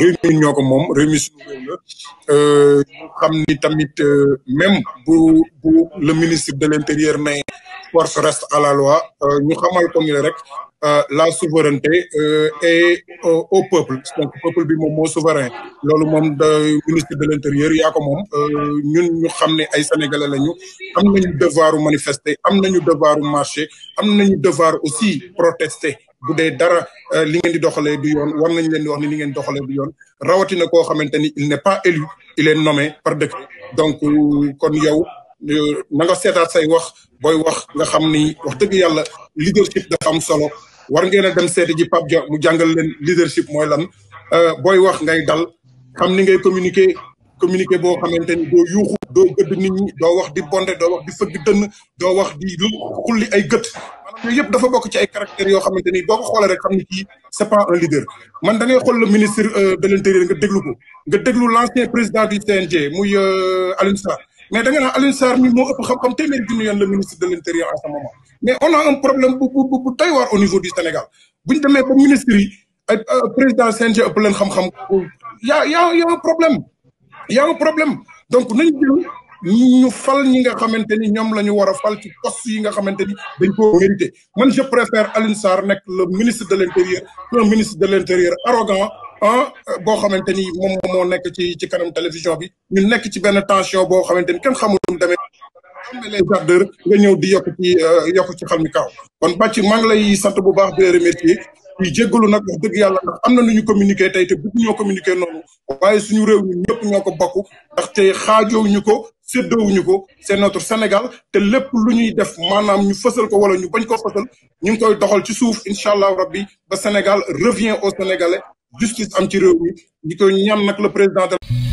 réew mi ñoo ko moom réew mi suñu réew la euh, ñu xam ni tamit euh, même bu bu le ministre de l'intérieur ne force reste à la loi euh, ñu avons, comme ni rek euh, la souveraineté euh, est au peuple donc peuple bi moom souverain loolu de ministre de l'intérieur y a comme ñun Nous, nous ne ay sénégalais lañu am devoir devoiru manifester am nañu devoiru marcher am nañu devoir aussi protester bu dee dara li ngeen di doxalee du yoon war nañ leen di wax ni li ngeen doxalee du yoon rawati na ko xamanteni il n'est pas élu il est nommé par décret donc kon yow na nga seetaat say wax booy wax nga xam ni wax dëgg yàlla leadership dafa am solo war ngeen a dem seeti ji Pape Dia mu jàngal leen leadership mooy lan euh, booy wax ngay dal xam ni ngay communiqué communiquer boo xamante ni boo yuuxu doo gëdd nit ñi doo wax di bonde doo wax di fëgg dënn doo wax di lu xulli ay gët maanaam yooyu yëpp dafa bokk ci ay caractères yoo xamante ni boo ko rek xam ni kii c'est pas un leader man da ngay ministre euh, de l'intérieur nga déglu ko nga déglu l'ancien président du CNG muy euh, Alioune Sarr mais da nga naan Alioune Sarr mi moo ëpp xam-xam téeméeri junni yoon le ministre de l' intérieur mais on a un problème bu bu bu doy waar au niveau du Sénégal bu ñu demee ba ministre euh, président CNG ëpp leen xam-xam y' ya y' a a un problème y' problème donc nañ jël ñu fal ñi nga xamante ni ñoom la ñu war a fal ci poste yi nga xamante ni dañ koo mérité man je préfère Alioune Sarr nekk le ministre de l' intérieur un ministre de l' intérieur arrogant ah bo xamanteni ni mo nek ci ci kanam télévision bi ñu nek ci ben tension bo xamanteni ni kenn xamul demé mu les jardeurs nga ñew di yok ci euh, yok ci xalmi kaw kon ba ci mang lay sant bu baax bi la remercier ñu jéggalu nak wax dëgg yàlla ndax am na nu ñu communiquer tey te bëgg ñoo communiquer noonu waaye suñu réew ñun ñëpp ñoo ko bokk ndaxte xaajoowuñu ko séddoowuñu ko c'est notre Sénégal te lépp lu ñuy def maanaam ñu fësal ko wala ñu bañ ko fësal ñu ngi koy doxal ci suuf incha allah rabbi ba Sénégal revient au Sénégalais. justice am ci réew mi di ko ñaan nag la président de